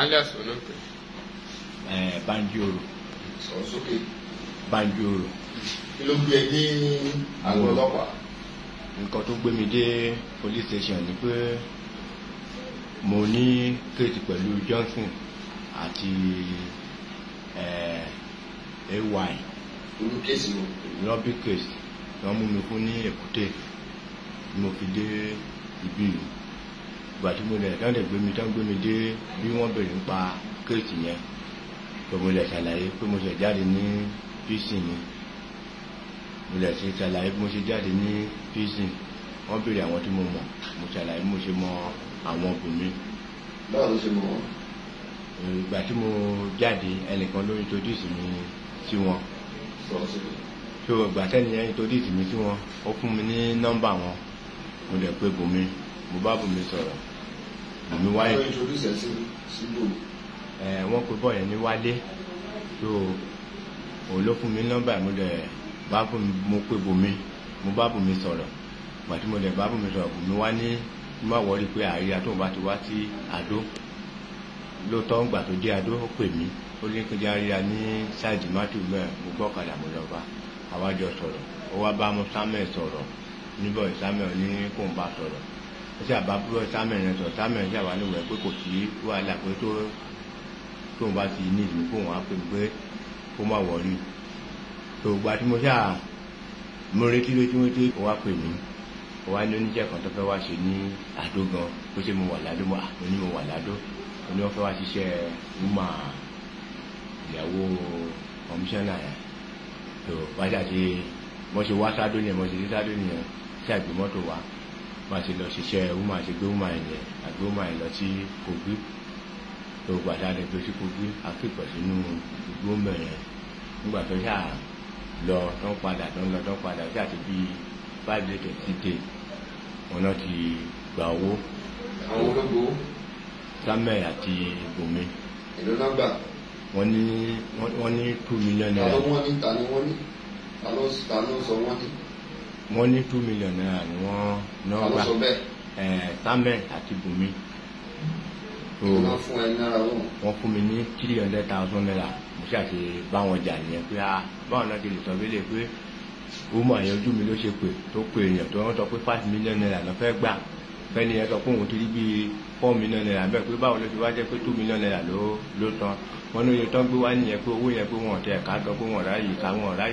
alias wọn náà pè. ẹ banjoro. sọ sókè. banjoro. kí ló gbé ẹ dé àgọ́ ọlọ́pàá. nǹkan tó gbé mi dé police station ni pé mo ní kéètì pẹ̀lú johnson àti ay. olú kéèsì wo. lọ́bì kéèsì wọ́n mú mi kún ní èkúté ni mo fi dé ibi yìí ìgbà tí mo lẹ̀ tán lè gbé mi tán gbé mi dé bí wọ́n bèrè ń pa kéèsì yẹn pé mo lẹ̀ ṣàlàyé pé mo ṣẹ̀ jáde ní píìsì mi mo lẹ̀ ṣe ṣàlàyé pé mo ṣe jáde ní píìsì wọ́n bèrè àwọn tí mo mọ̀ mo ṣàlàyé mo ṣe mọ àwọn obìnrin. báwo ló ṣe mọ wọn. ìgbà tí mo jáde ẹnìkan ló introduce mi sí wọn. sọ̀rọ̀ sí mi so ìgbà tẹ́niyẹn introduce mi sí wọn ó fún mi ní nọ́mbà wọn mo lè pe bòmí mo bá bùnmi sọ̀rọ̀ bùnmi wáyé wọ́n pe bọ́ọ̀ yẹn ní wálé tó òun ló fún mi nọ́mbà mo lẹ̀ bá bùnmi mo pe bùnmi mo bá bùnmi sọ̀rọ̀ pàtí mo lẹ̀ bá bùnmi sọ̀rọ̀ bùnmi wá ní má wọrí pé àríyá tóun bá ti wá sí àdó lóòótọ́ ń gbà tó dé adó ó pè mí ó ní kí n járíra ní ṣáàjì mátò mẹ́rin mo gbọ́ ọ̀kadà mo lọ́ba àwájọ sọ̀rọ̀ ó wá bá mú samuel sọ̀rọ̀ níbọ̀ samuel ní kóun bá sọ̀rọ̀ ó àbábúrò sámẹ̀rin sọ sámẹ̀rin sì àwáníwẹ̀ pé kò sí wàhálà pé tó tóun bá ti ní ìlú kóun á pè pé kó má wọrí tó gba tí mo ṣáà mo retí lójú wọn tí wá pè mí ó wá ní oníṣẹ́ kan tó fẹ́ wá ṣe ní àdó gan ó ṣe mo wà ládó mo ní mo wà ládó ó ní fẹ́ wá ṣiṣẹ́ wúmà ìyàwó kọmíṣánná yẹn tó wájà ṣe wọ́n ṣe wá sádó yẹn wọ́n ṣe dé sádó yẹn ṣàgbé mọ́tò wa má ṣe lọ ṣiṣẹ́ wúmà ṣe gbé wúmà yẹn àgbé wúmà yẹn lọ sí Kogi tó gbàdá lè gbé sí Kogi akẹ́kọ̀ọ́ sínú igbó mẹ́rin nígbà tó yà lọ tó ń padà tó ń lọ tó ń padà tí àti bíi five days to six days wọn náà ti gba owó. àwọn ológbò. samuel àti bùnmi. èló náà gbà. wọ́n ní wọ́n ní two million naira. ta ló ní ta ni ní ta sọ wọ́n ní wọ́n ní two million naira ni wọ́n náà gbà samuel àti bùnmi wọ́n fún mi ní three hundred thousand naira mo ṣe àti báwọn jà nìyẹn pé a ah, báwọn náà ti lè sọ bílẹ̀ pé ó mọ̀ àyẹ̀ ojú mi ló ṣe pé tó pé èèyàn tó wọ́n sọ pé five million naira ló fẹ́ gbà fẹ́ni yẹn sọ pé òun ti rí bíi four million naira bẹ́ẹ̀ pé báwo ló ti wá jẹ́ pé two million naira ló ló tán wọ́n ní oye tán gbé wá nìyẹn pé owó yẹn pé wọ́n tẹ̀ ká sọ pé wọ́n ráyè ká wọ́n ráyè.